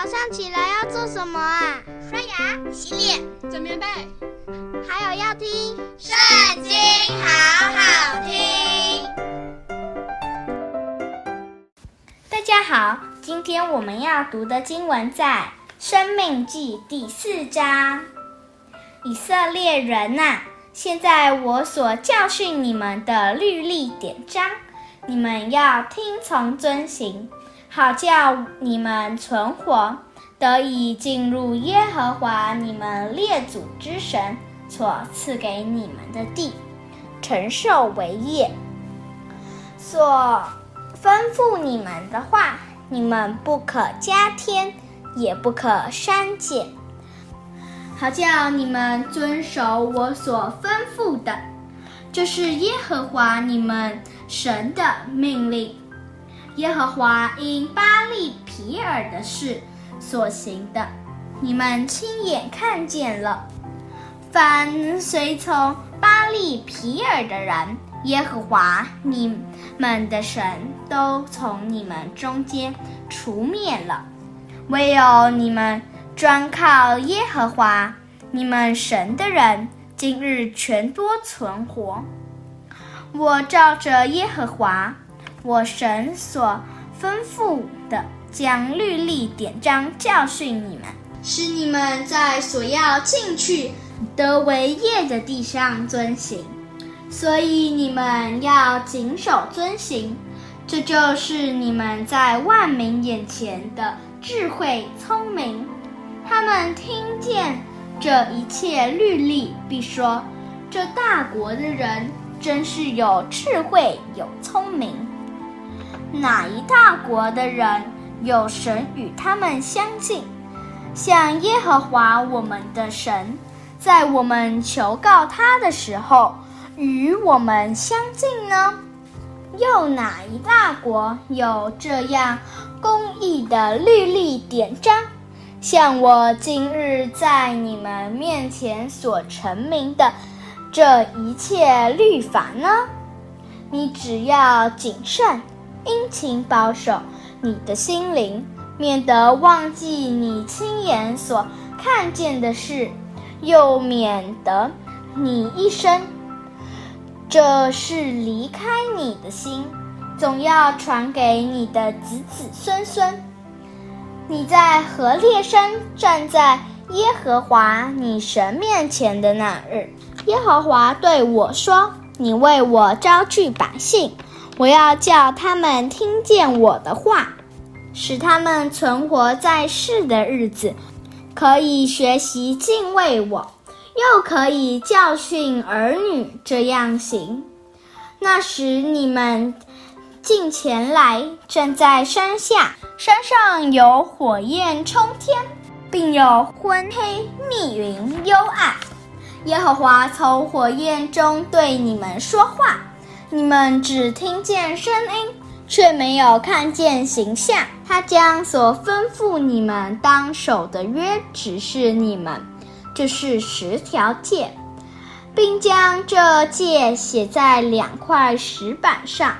早上起來要做什麼啊？刷牙、洗臉、整棉被，還有要聽《聖經》，好好聽。大家好，今天我們要讀的經文在《申命記》第四章。以色列人吶、啊，現在我所教訓你們的律例典章，你們要聽從遵行。好叫你們存活，得以進入耶和華你們列祖之神所賜給你們的地，承受為業。所吩咐你們的話，你們不可加添，也不可刪減。好叫你們遵守我所吩咐的，這是耶和華你們神的命令。耶和華因巴力毘珥的事所行的，你們親眼看見了。凡隨從巴力毘珥的人，耶和華你們的神都從你們中間除滅了。唯有你們專靠耶和華你們神的人，今日全都存活。我照着耶和華。我神所吩咐的，將律例典章教訓你們，使你們在所要進去得為業的地上遵行。所以你們要謹守遵行，這就是你們在萬民眼前的智慧、聰明。他們聽見這一切律例，必說：這大國的人真是有智慧，有聰明。哪一大國的人有神與他們相近，像耶和華我們的神，在我們求告他的時候與我們相近呢？又哪一大國有這樣公義的律例典章，像我今日在你們面前所陳明的這一切律法呢？你只要謹慎。殷勤保守你的心靈，免得忘記你親眼所看見的事，又免得你一生，這事離開你的心，總要傳給你的子子孫孫。你在何烈山站在耶和華你神面前的那日，耶和華對我說：“你為我招聚百姓。”我要叫他們聽見我的話，使他們存活在世的日子，可以學習敬畏我，又可以教訓兒女，這樣行。那時你們近前來，站在山下，山上有火焰沖天，並有昏黑密雲、幽暗。耶和華從火焰中對你們說話。你們只聽見聲音，卻沒有看見形像。他將所吩咐你們當守的約指示你們，這是十條誡，並將這誡寫在兩塊石版上。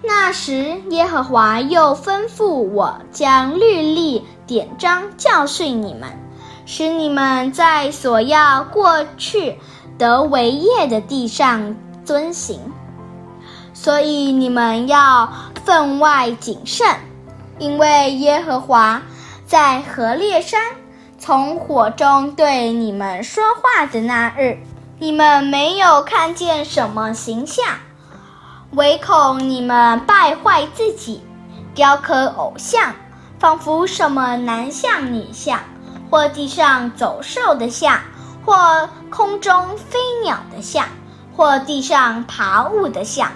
那時，耶和華又吩咐我將律例典章教訓你們，使你們在所要過去得為業的地上遵行，所以你們要分外謹慎，因為耶和華在何烈山從火中對你們說話的那日，你們沒有看見什麼形像，唯恐你們敗壞自己，雕刻偶像，仿佛什麼男像、女像，或地上走獸的像，或空中飛鳥的像。或地上爬物的像，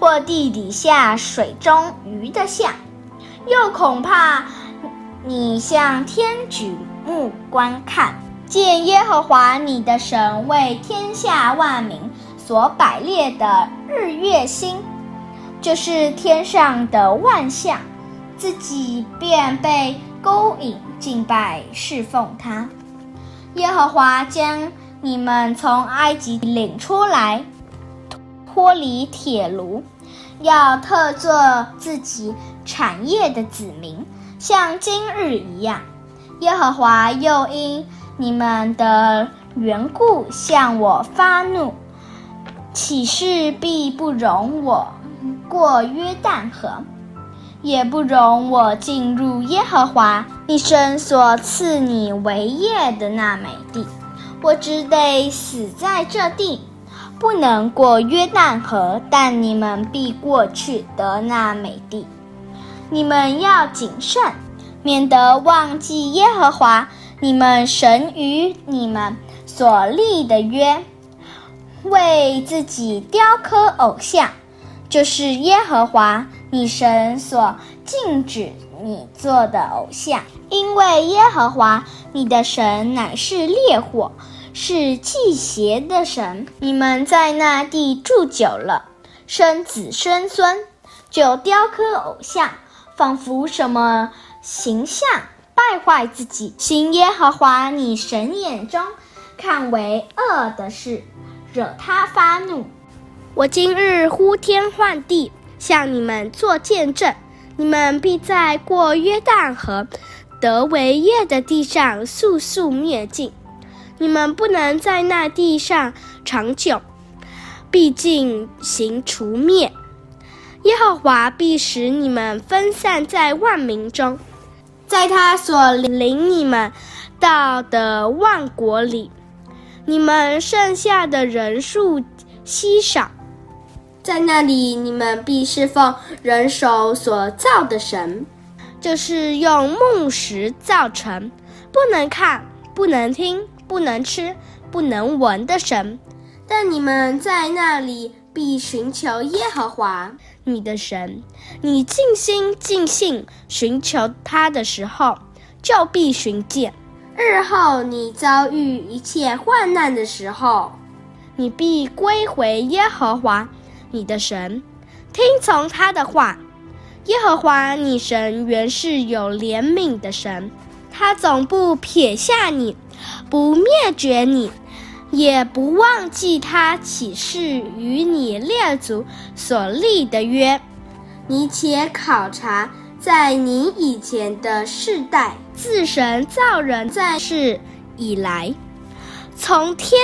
或地底下水中魚的像，又恐怕你向天舉目觀看，見耶和華你的神為天下萬民所擺列的日月星，就是天上的萬象，自己便被勾引敬拜事奉他。耶和華將你們從埃及領出來，脫離鐵爐，要特作自己產業的子民，像今日一樣。耶和華又因你們的緣故向我發怒，起誓必不容我過約旦河，也不容我進入耶和華你神所賜你為業的那美地。我只得死在這地，不能過約旦河。但你們必過去得那美地。你們要謹慎，免得忘記耶和華你們神與你們所立的約，為自己雕刻偶像，就是耶和華你神所禁止你做的偶像，因為耶和華你的神乃是烈火。是忌邪的神。你們在那地住久了，生子生孫，就雕刻偶像，仿佛什麼形象，敗壞自己，行耶和華你神眼中看為惡的事，惹他發怒。我今日呼天喚地，向你們做見證，你們必在過約旦河、得為業的地上速速滅盡。你們不能在那地上長久，必盡行除滅。耶和華必使你們分散在萬民中，在他所領你們到的萬國裡，你們剩下的人數稀少。在那裡，你們必事奉人手所造的神，就是用木石造成，不能看，不能聽。不能吃、不能聞的神，但你們在那裡必尋求耶和華你的神。你盡心盡性尋求他的時候，就必尋見。日後你遭遇一切患難的時候，你必歸回耶和華你的神，聽從他的話。耶和華你神原是有憐憫的神，他總不撇下你。不滅絕你，也不忘記他起誓與你列祖所立的約。你且考察，在你以前的世代，自神造人在世以來，從天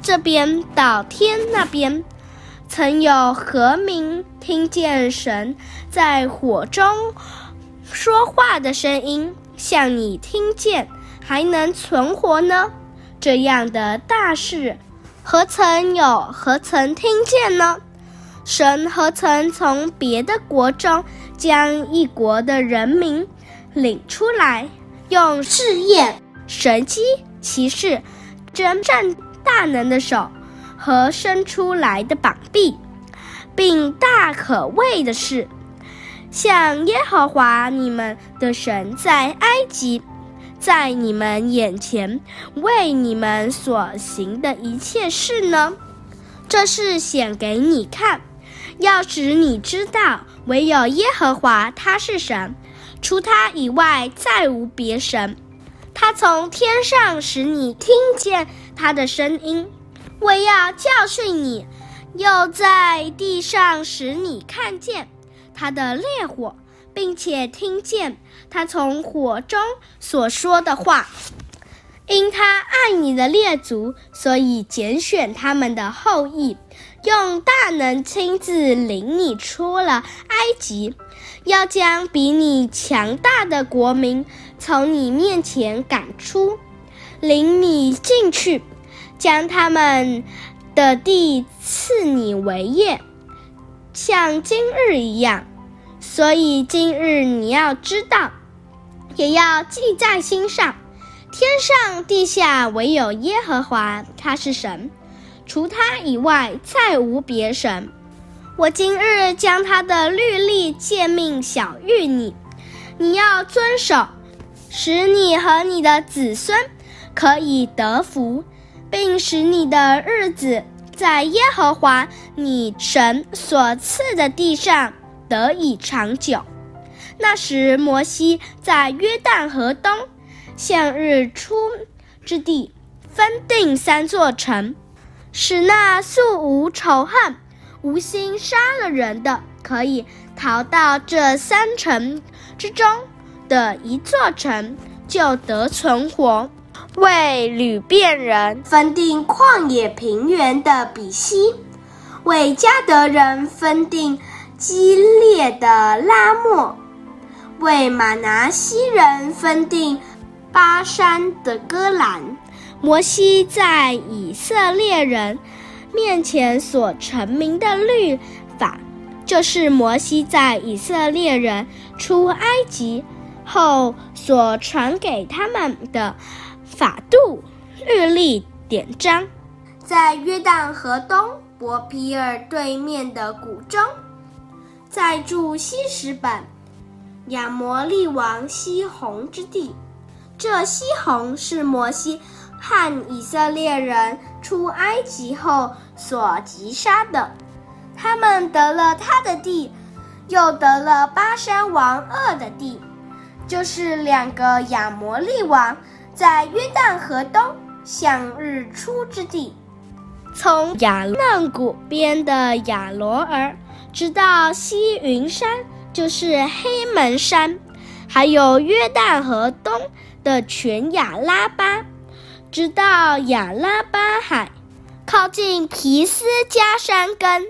這邊到天那邊，曾有何民聽見神在火中說話的聲音，像你聽見？還能存活呢？這樣的大事，何曾有？何曾聽見呢？神何曾從別的國中將一國的人民領出來，用試驗、神蹟、奇事、爭戰、大能的手和伸出來的膀臂，並大可畏的事，像耶和華你們的神在埃及。在你們眼前為你們所行的一切事呢？這是顯給你看，要使你知道，唯有耶和華他是神，除他以外再無別神。他從天上使你聽見他的聲音，為要教訓你；又在地上使你看見他的烈火。並且聽見他從火中所說的話，因他愛你的列祖，所以揀選他們的後裔，用大能親自領你出了埃及，要將比你強大的國民從你面前趕出，領你進去，將他們的地賜你為業，像今日一樣。所以今日你要知道，也要記在心上。天上地下唯有耶和華，他是神，除他以外再無別神。我今日將他的律例誡命曉諭你，你要遵守，使你和你的子孫可以得福，並使你的日子在耶和華你神所賜的地上。得以長久。那時，摩西在約旦河東，向日出之地分定三座城，使那素無仇恨、無心殺了人的，可以逃到這三城之中的一座城，就得存活。為流便人分定曠野平原的比悉，為迦得人分定。基列的拉末，為馬拿西人分定巴珊的哥蘭。摩西在以色列人面前所陳明的律法，就是摩西在以色列人出埃及後所傳給他們的法度、律例典章，在約旦河東伯‧毘珥對面的谷中。再住希實本，亞摩利王西宏之地。這西宏是摩西，和以色列人出埃及後所擊殺的。他們得了他的地，又得了巴珊王噩的地，就是兩個亞摩利王在約旦河東向日出之地，從亞嫩谷邊的亞羅珥。直到西雲山，就是黑門山，還有約旦河東的全亞拉巴，直到亞拉巴海，靠近皮斯加山根。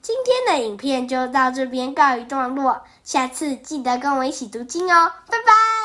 今天的影片就到這邊告一段落，下次記得跟我一起讀經哦，拜拜。